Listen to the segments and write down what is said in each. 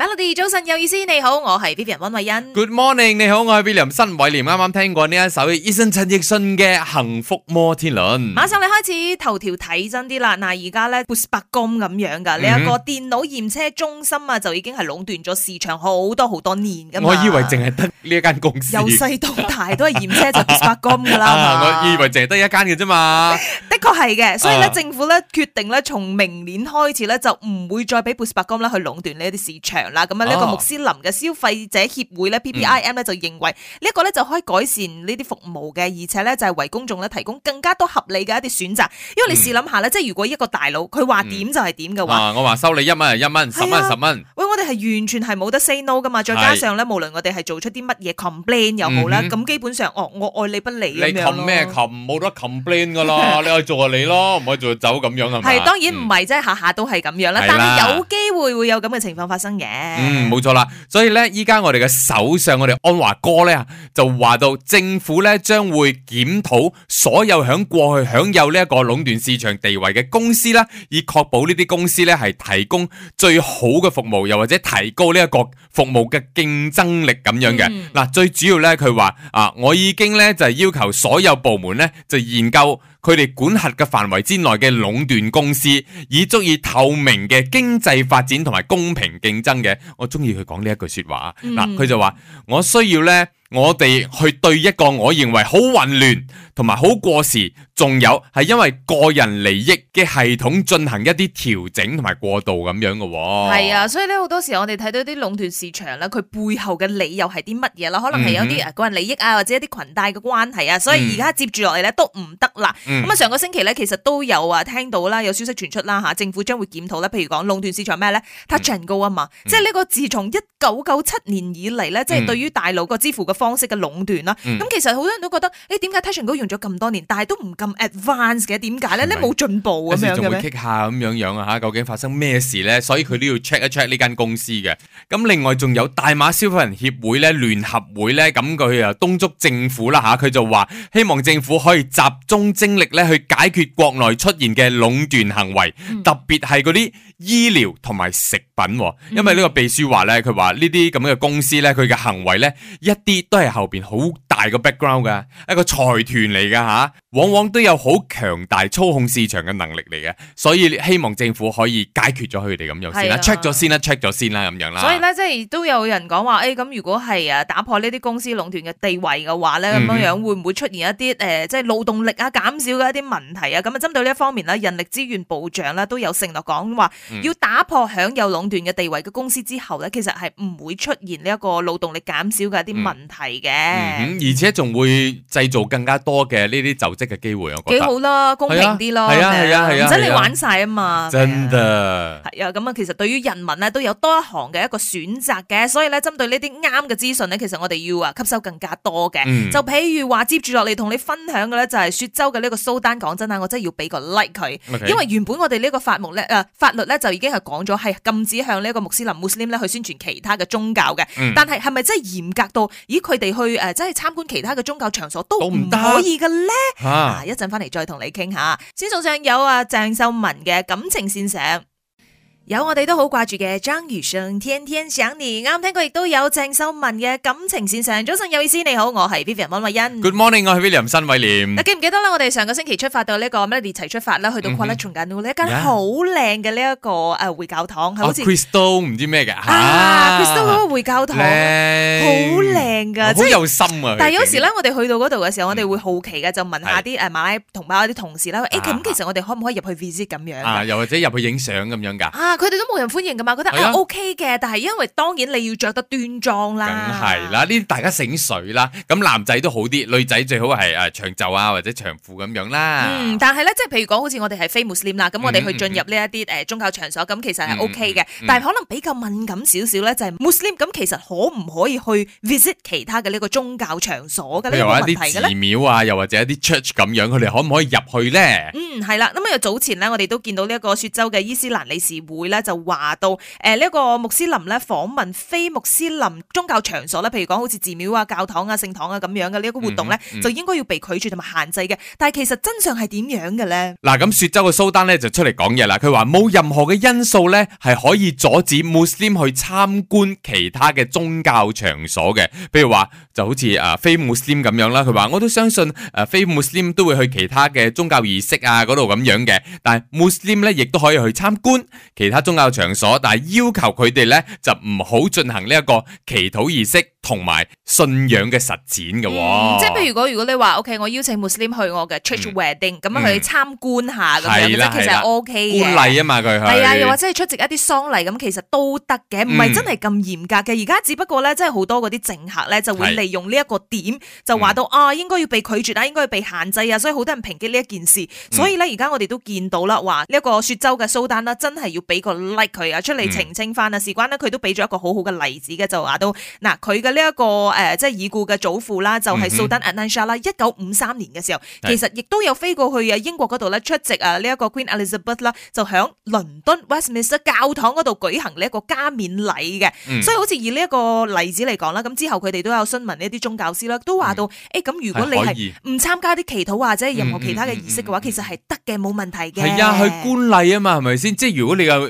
Melody 早晨，有意思你好，我係 Vivian 溫慧欣。Good morning，你好，我係 William 申偉廉。啱啱聽過呢一首，Eason 陳奕迅嘅《幸福摩天輪》。馬上嚟開始頭條睇真啲啦。嗱，而家咧 Boost 八金咁樣噶，你有個電腦驗車中心啊，就已經係壟斷咗市場好多好多年噶。我以為淨係得呢一間公司。由細到大都係驗車就 Boost 八金噶啦嘛。我以為淨係得一間嘅啫嘛。的確係嘅，所以咧政府咧決定咧，從明年開始咧就唔會再俾 Boost 八金啦去壟斷呢一啲市場。嗱咁啊，呢、嗯嗯、個穆斯林嘅消費者協會咧，PPIM 咧就認為呢一個咧就可以改善呢啲服務嘅，而且咧就係為公眾咧提供更加多合理嘅一啲選擇。因為你試諗下咧，嗯、即係如果一個大佬佢話點就係點嘅話，啊、我話收你一蚊係一蚊，十蚊十蚊。喂，我哋係完全係冇得 say no 噶嘛。再加上咧，是無論我哋係做出啲乜嘢 complain 又好啦，咁、嗯、哼基本上，哦，我愛你不理咁樣咯。你 com 咩 com？冇得 complain 噶啦， 你可以做下你咯，唔可以做就走咁樣係咪？當然唔係，即係下下都係咁樣啦。但係有機會會有咁嘅情況發生嘅。嗯，冇錯啦，所以呢，依家我哋嘅首相，我哋安華哥呢，就話到，政府呢，將會檢討所有響過去享有呢一個壟斷市場地位嘅公司啦，以確保呢啲公司呢係提供最好嘅服務，又或者提高呢一個服務嘅競爭力咁樣嘅。嗱、mm，hmm。最主要呢，佢話啊，我已經呢，就係要求所有部門呢，就研究。佢哋管轄嘅範圍之內嘅壟斷公司，以足以透明嘅經濟發展同埋公平競爭嘅，我中意佢講呢一句說話。嗱、嗯，佢就話我需要呢。我哋去對一個我認為好混亂同埋好過時，仲有係因為個人利益嘅系統進行一啲調整同埋過渡咁樣嘅，係啊，所以咧好多時我哋睇到啲壟斷市場咧，佢背後嘅理由係啲乜嘢啦？可能係有啲個人利益啊，或者一啲裙帶嘅關係啊，所以而家接住落嚟咧都唔得啦。咁啊、嗯，上個星期咧其實都有啊聽到啦，有消息傳出啦吓，政府將會檢討啦。譬如講壟斷市場咩咧 Touch 'n Go 啊嘛，嗯、即係呢個自從一。九九七年以嚟咧，即係對於大陸個支付嘅方式嘅壟斷啦。咁、嗯、其實好多人都覺得，誒點解 Tesion 都用咗咁多年，但係都唔咁 advance 嘅，點解咧？你冇進步咁嗎樣仲會 kick 下咁樣樣啊吓，究竟發生咩事咧？所以佢都要 check 一 check 呢間公司嘅。咁另外仲有大馬消費人協會咧，聯合會咧，咁佢由東足政府啦吓，佢就話希望政府可以集中精力咧去解決國內出現嘅壟斷行為，嗯、特別係嗰啲醫療同埋食品。因為呢個秘書話咧，佢話、嗯。呢啲咁樣嘅公司咧，佢嘅行為咧，一啲都係後邊好。大個 background 噶，一個財團嚟噶吓，往往都有好強大操控市場嘅能力嚟嘅，所以希望政府可以解決咗佢哋咁樣先啦，check 咗先啦，check 咗先啦咁樣啦。所以咧，即係都有人講話，誒咁如果係啊打破呢啲公司壟斷嘅地位嘅話咧，咁樣樣會唔會出現一啲誒即係勞動力啊減少嘅一啲問題啊？咁啊針對呢一方面啦，人力資源部長咧都有承諾講話，要打破享有壟斷嘅地位嘅公司之後咧，其實係唔會出現呢一個勞動力減少嘅一啲問題嘅。而且仲會製造更加多嘅呢啲就職嘅機會，我覺得幾好啦，公平啲咯，係啊係啊係啊，唔使你玩晒啊嘛，真嘅。係啊，咁啊，其實對於人民咧都有多一行嘅一個選擇嘅，所以咧針對呢啲啱嘅資訊咧，其實我哋要啊吸收更加多嘅。就譬如話接住落嚟同你分享嘅咧，就係雪州嘅呢個蘇丹，講真啦，我真係要俾個 like 佢，因為原本我哋呢個法目咧誒法律咧就已經係講咗係禁止向呢個穆斯林 Muslim 咧去宣傳其他嘅宗教嘅，但係係咪真係嚴格到咦佢哋去誒真係參？其他嘅宗教場所都唔可以嘅咧，啊，啊！一陣翻嚟再同你傾下先，送上有啊鄭秀文嘅感情線上。有我哋都好掛住嘅張雨生，天天想你。啱聽過亦都有鄭秀文嘅《感情線上》。早晨有意思，你好，我係 Vivian 溫慧欣。Good morning，我係 William 新偉廉。你記唔記得啦？我哋上個星期出發到呢個 Melody 一齊出發啦，去到 Kuala Terengganu 呢一間好靚嘅呢一個誒回教堂，好似 Crystal 都唔知咩嘅啊，Crystal 嗰個回教堂好靚噶，好有心啊。但係有時咧，我哋去到嗰度嘅時候，我哋會好奇嘅，就問下啲誒馬來同胞啲同事啦。誒，咁其實我哋可唔可以入去 visit 咁樣？啊，又或者入去影相咁樣噶啊？佢哋都冇人歡迎㗎嘛？覺得啊 OK 嘅，但係因為當然你要着得端莊啦。梗係啦，呢啲大家醒水啦。咁男仔都好啲，女仔最好係誒長袖啊或者長褲咁樣啦。嗯，但係咧，即係譬如講好似我哋係非穆斯林啦，咁我哋去進入呢一啲誒宗教場所，咁其實係 OK 嘅。但係可能比較敏感少少咧，就係穆斯林咁，其實可唔可以去 visit 其他嘅呢個宗教場所嘅咧？一啲寺廟啊，又或者一啲 church 咁樣，佢哋可唔可以入去咧？嗯，係啦。咁啊，早前咧我哋都見到呢一個雪州嘅伊斯蘭理事會。會咧就話到誒呢一個穆斯林咧訪問非穆斯林宗教場所咧，譬如講好似寺廟啊、教堂啊、聖堂啊咁樣嘅呢一個活動咧，嗯嗯、就應該要被拒絕同埋限制嘅。但係其實真相係點樣嘅咧？嗱、嗯，咁雪州嘅蘇丹咧就出嚟講嘢啦，佢話冇任何嘅因素咧係可以阻止穆斯林去參觀其他嘅宗教場所嘅，譬如話就好似誒、呃、非穆斯林咁樣啦。佢話我都相信誒、呃、非穆斯林都會去其他嘅宗教儀、儀式啊嗰度咁樣嘅，但係穆斯林咧亦都可以去參觀其。其他宗教場所，但係要求佢哋咧就唔好進行呢一個祈禱儀式同埋信仰嘅實踐嘅、哦嗯。即係譬如講，如果你話 O K，我邀請 Muslim 去我嘅 Church wedding，咁樣、嗯嗯、去參觀下咁樣，即、嗯、其實係 O K 嘅。典禮啊嘛，佢係啊，又或者係出席一啲喪禮咁，其實都得嘅，唔係、嗯、真係咁嚴格嘅。而家只不過咧，即係好多嗰啲政客咧就會利用呢一個點，的就話到、嗯、啊，應該要被拒絕啊，應該要被限制啊，所以好多人抨擊呢一件事。所以咧，而家、嗯、我哋都見到啦，話呢一個雪州嘅蘇丹啦，真係要俾。個 like、一,一個 like 佢啊，出嚟澄清翻啊。事關咧，佢都俾咗一個好好嘅例子嘅，就話到嗱，佢嘅呢一個誒、呃，即係已故嘅祖父啦，就係、是、Sultan Adnan Shah 啦。一九五三年嘅時候，其實亦都有飛過去啊英國嗰度咧出席啊呢一個 Queen Elizabeth 啦，就響倫敦 Westminster 教堂嗰度舉行呢一個加冕禮嘅。嗯、所以好似以呢一個例子嚟講啦，咁之後佢哋都有詢問呢一啲宗教師啦，都話到誒，咁、嗯哎、如果你係唔參加啲祈禱或者任何其他嘅儀式嘅話，嗯嗯嗯嗯嗯、其實係得嘅，冇問題嘅。係啊，係官禮啊嘛，係咪先？即係如果你又。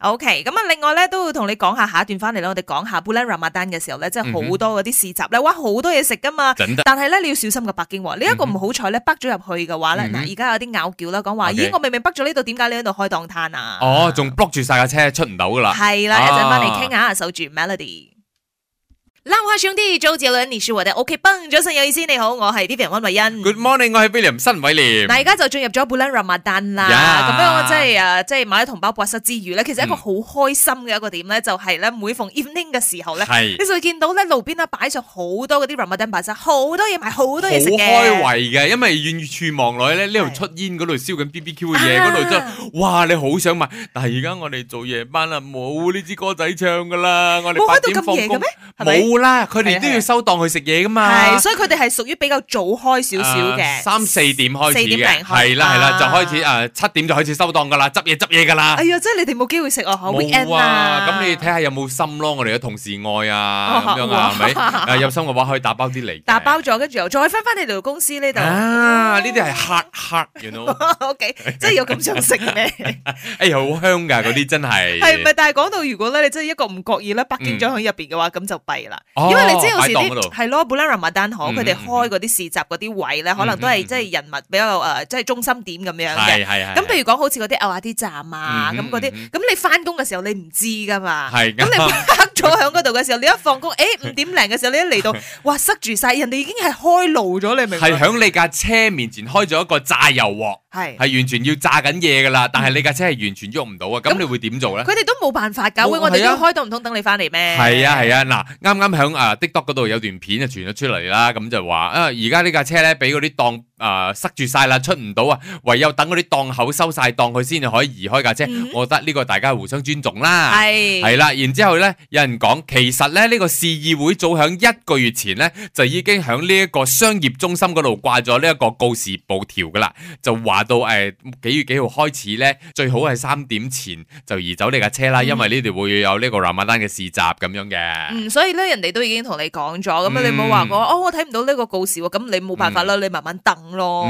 O K，咁啊，okay，另外咧都要同你講下，下一段翻嚟咧，我哋講下 Bulan Ramadan 嘅時候咧，真係好多嗰啲市集咧，嗯、哼哇，好多嘢食噶嘛，的但係咧你要小心個北京王，嗯、哼你一個唔好彩咧，北咗入去嘅話咧，嗱，而家有啲拗撬啦，講話，咦，我明明北咗呢度，點解你喺度開檔攤啊？哦，仲 block 住晒架車，出唔到噶啦，係啦的，啊、一陣翻嚟傾下守住 Melody。蘭花兄弟周杰倫，你是我哋 OK 崩咗，晨 有意思，你好，我係 d i l i a m 安慧恩。Good morning，我係 William 新偉廉。嗱，而家就進入咗 Bulan Ramadan 啦。咁樣我真係啊，即係買咗同胞薄食之餘咧，其實一個好開心嘅一個點呢，就係咧每逢 evening 嘅時候呢，是你就會見到呢路邊咧擺上好多嗰啲 Ramadan 薄食，好多嘢賣，好多嘢食嘅。好開胃嘅，因為遠處望落咧呢度是出煙嗰度燒緊 BBQ 嘅嘢嗰度真，哇、ah.！你好想買，但係而家我哋做夜班啦，冇呢支歌仔唱噶啦，我哋八點放工。冇開到咁夜嘅咩？冇。啦，佢哋都要收檔去食嘢噶嘛。係，所以佢哋係屬於比較早開少少嘅，三四點開始嘅，係啦係啦，就開始誒七點就開始收檔噶啦，執嘢執嘢噶啦。哎呀，即係你哋冇機會食啊！冇啊，咁你睇下有冇心咯，我哋嘅同事愛啊咁樣啊，係咪？誒，有心嘅話可以打包啲嚟。打包咗，跟住又再翻翻你哋公司呢度。啊，呢啲係 heart heart，you know？O K，即係有咁想食咩？哎呀，好香噶嗰啲真係。係咪？但係講到如果咧，你真係一個唔覺意咧，北京仔喺入邊嘅話，咁就弊啦。哦、因為你知道有時，時啲係咯，本來人民丹河 Ramadan 佢哋開嗰啲市集嗰啲位咧，嗯嗯、可能都係即係人物比較誒，即、呃、係中心點咁樣嘅。係係咁譬如講好似嗰啲牛亞啲站啊，咁嗰啲，咁、嗯嗯、你翻工嘅時候你唔知噶嘛。係、嗯。咁、嗯嗯、你黑咗響嗰度嘅時候，你一放工，誒五、 哎、點零嘅時候，你一嚟到，哇塞住晒，人哋已經係開路咗，你明？係響你架車面前開咗一個炸油鑊。係係完全要炸緊嘢噶啦，但係你架車係完全喐唔到啊！咁你會點做咧？佢哋都冇辦法噶，我哋都開到唔通等你翻嚟咩？係啊係啊！嗱，啱啱響啊 TikTok 嗰度有段片就傳咗出嚟啦，咁就話啊而家呢架車咧俾嗰啲檔誒塞住晒啦，出唔到啊，唯有等嗰啲檔口收晒檔佢先至可以移開架車。嗯、哼我覺得呢個大家互相尊重啦，係係啦。然之後咧，有人講其實咧呢、這個市議會早響一個月前咧就已經響呢一個商業中心嗰度掛咗呢一個告示布條噶啦，就話。到誒幾月幾號開始咧？最好係三點前就移走你架車啦，因為呢度會有呢個拉馬丹嘅市集咁樣嘅。嗯，所以咧人哋都已經同你講咗，咁你冇話過哦，我睇唔到呢個告示喎，咁你冇辦法啦，你慢慢等咯。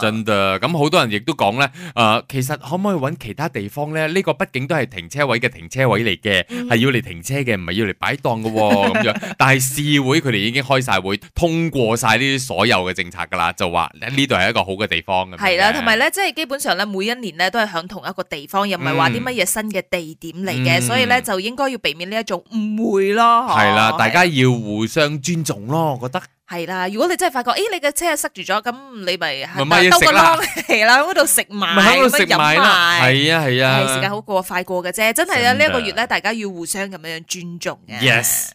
真嘅。咁好多人亦都講咧，誒其實可唔可以揾其他地方咧？呢個畢竟都係停車位嘅停車位嚟嘅，係要嚟停車嘅，唔係要嚟擺檔嘅喎。咁樣，但係市會佢哋已經開晒會通過晒呢啲所有嘅政策㗎啦，就話呢度係一個好嘅地方咁。同埋咧，即係基本上咧，每一年咧都係喺同一個地方，又唔係話啲乜嘢新嘅地點嚟嘅，所以咧就應該要避免呢一種誤會咯。係啦，大家要互相尊重咯，我覺得。係啦，如果你真係發覺，誒，你嘅車係塞住咗，咁你咪喺度兜個窿嚟啦，喺度食埋，喺度食埋。係啊係啊，時間好過快過嘅啫，真係啊！呢個月咧，大家要互相咁樣尊重嘅。Yes。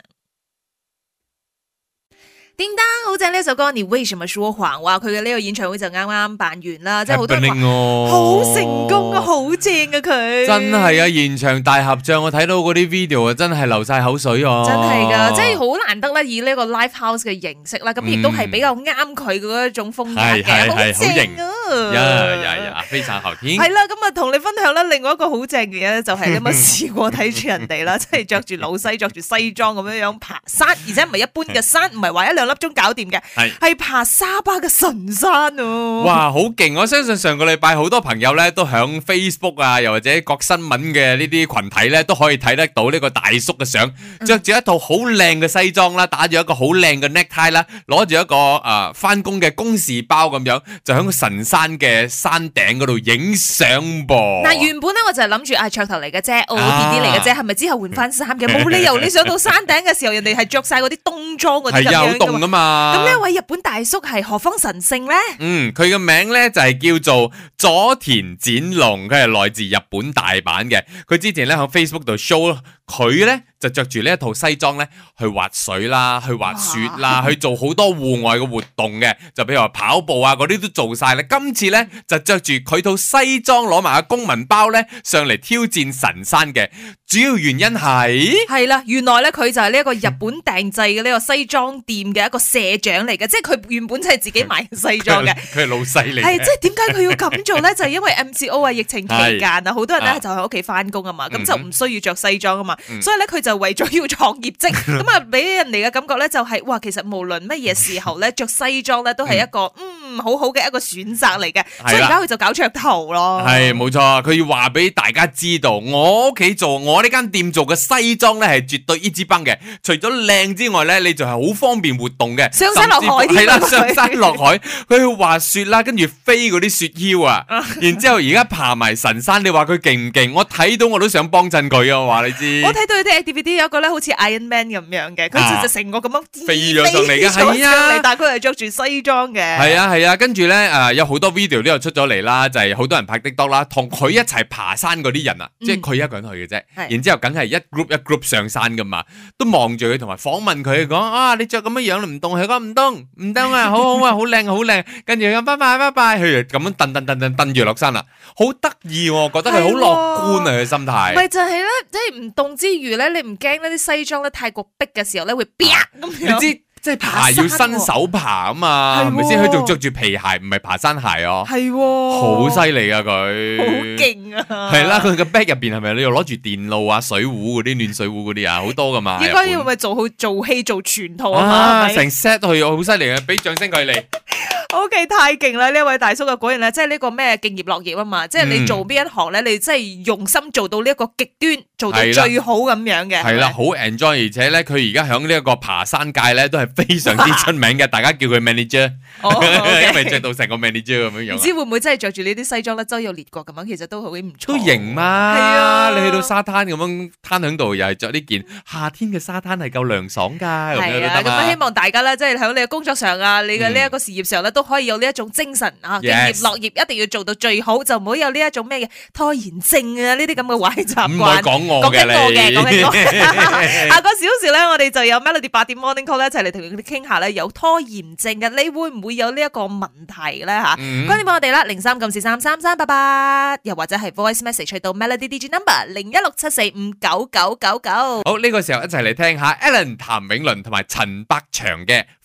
叮噹好正呢首歌，你為什麼說謊？話佢嘅呢個演唱會就啱啱辦完啦，即係好多，啊，好成功啊，好正啊佢。真係啊，現場大合唱，我睇到嗰啲 video 啊，真係流晒口水哦。真係㗎，即係好難得啦，以呢個 live house 嘅形式啦，咁亦都係比較啱佢嘅一種風格嘅，好正啊。呀呀呀！Yeah, yeah, yeah, 非常後天係啦，咁啊同你分享啦，另外一個好正嘅嘢咧就係咁啊，試過睇住人哋啦，即係着住老西，着住西裝咁樣樣爬山，而且唔係一般嘅山，唔係話一兩粒鐘搞掂嘅，係 爬沙巴嘅神山啊！哇，好勁！我相信上個禮拜好多朋友咧都響 Facebook 啊，又或者各新聞嘅呢啲群體咧都可以睇得到呢個大叔嘅相，着住一套好靚嘅西裝啦，打住一個好靚嘅 necktie 啦，攞住一個啊翻工嘅公事包咁樣，就響個神山。山嘅山頂嗰度影相噃，嗱，原本咧我就係諗住啊，噱頭嚟嘅啫，O D 啲嚟嘅啫，係咪之後換翻衫嘅？冇 理由你上到山頂嘅時候，人哋係着晒嗰啲冬裝嗰啲咁樣嘅嘛。咁呢一位日本大叔係何方神聖咧？嗯，佢嘅名咧就係叫做佐田展龍，佢係來自日本大阪嘅。佢之前咧喺 Facebook 度 show。佢呢就着住呢一套西裝呢去滑水啦，去滑雪啦，啊、去做好多戶外嘅活動嘅，就比如話跑步啊嗰啲都做晒啦。今次呢就着住佢套西裝攞埋個公文包呢，上嚟挑戰神山嘅。主要原因係係啦，原來咧佢就係呢一個日本訂製嘅呢個西裝店嘅一個社長嚟嘅，即係佢原本就係自己買西裝嘅。佢係老細嚟。係即係點解佢要咁做咧？就係因為 MCO 啊，疫情期間啊，好多人咧就喺屋企翻工啊嘛，咁就唔需要着西裝啊嘛，所以咧佢就為咗要創業績，咁啊俾人哋嘅感覺咧就係哇，其實無論乜嘢時候咧着西裝咧都係一個嗯好好嘅一個選擇嚟嘅，所以而家佢就搞噱頭咯。係冇錯，佢要話俾大家知道，我屋企做我。呢間店做嘅西裝咧係絕對一支崩嘅，除咗靚之外咧，你就係好方便活動嘅。上山落海，係至、嗯、啦，上山落海， 去滑雪啦，跟住飛嗰啲雪橇啊，然之後而家爬埋神山，你話佢勁唔勁？我睇到我都想幫襯佢啊！我話你知。 我睇到佢啲 D V D 有一個咧，好似 Iron Man 咁樣嘅，佢就成個咁樣飛咗上嚟嘅，係啊，啊但佢係着住西裝嘅。係啊係啊,啊，跟住咧啊，有好多 video 呢度出咗嚟啦，就係、是、好多人拍的多啦，同佢一齊爬山嗰啲人啊，即係佢一個人去嘅啫。然之後，梗係一 group 一 group 上山噶嘛，都望住佢同埋訪問佢，講啊，你着咁樣樣唔凍？佢講唔凍，唔凍啊，好好啊， 好靚，好靚。跟住咁拜拜拜拜，佢咁樣蹬蹬蹬蹬蹬住落山啦，好得意喎，覺得佢好樂觀啊，佢心態。唔，係就係咧，即係唔凍之餘咧，你唔驚咧啲西裝咧太過逼嘅時候咧會啪咁樣。你知即係爬要伸手爬啊嘛，係咪先？佢仲着住皮鞋，唔係爬山鞋、啊、哦。係喎，好犀利啊佢！好勁啊！係、啊、 啦，佢個 bag 入邊係咪？你又攞住電爐啊、水壺嗰啲暖水壺嗰啲啊，好多㗎嘛。應該要咪做好做戲做全套啊？成 set 去！好犀利啊！俾掌聲佢嚟。 O K，太勁啦！呢一位大叔嘅，果然咧，即係呢個咩敬業樂業啊嘛！即係你做邊一行咧，你真係用心做到呢一個極端，做到最好咁樣嘅。係啦，好 enjoy，而且咧，佢而家響呢一個爬山界咧，都係非常之出名嘅。大家叫佢 manager，因為着到成個 manager 咁樣樣。唔知會唔會真係着住呢啲西裝咧，周遊列國咁樣，其實都好唔錯。都型嘛，係啊。你去到沙灘咁樣攤喺度，又係着呢件夏天嘅沙灘係夠涼爽噶，係啊！咁希望大家咧，即係響你嘅工作上啊，你嘅呢一個事業上咧都。都可以有呢一種精神啊！敬業樂業一定要做到最好，就唔好有呢一種咩嘢拖延症啊！呢啲咁嘅壞習慣、嗯。唔好講我嘅，講緊我嘅。你 我我 下個小時咧，我哋就有 Melody 八點 Morning Call 一齊嚟同佢哋傾下咧，有拖延症嘅你會唔會有呢一個問題咧嚇？嗯、關電俾我哋啦，零三九四三三三八八，8, 又或者係 Voice Message 去到 Melody DJ Number 零一六七四五九九九九。好，呢、呢個時候一齊嚟聽下 Alan 譚詠麟同埋陳百祥嘅。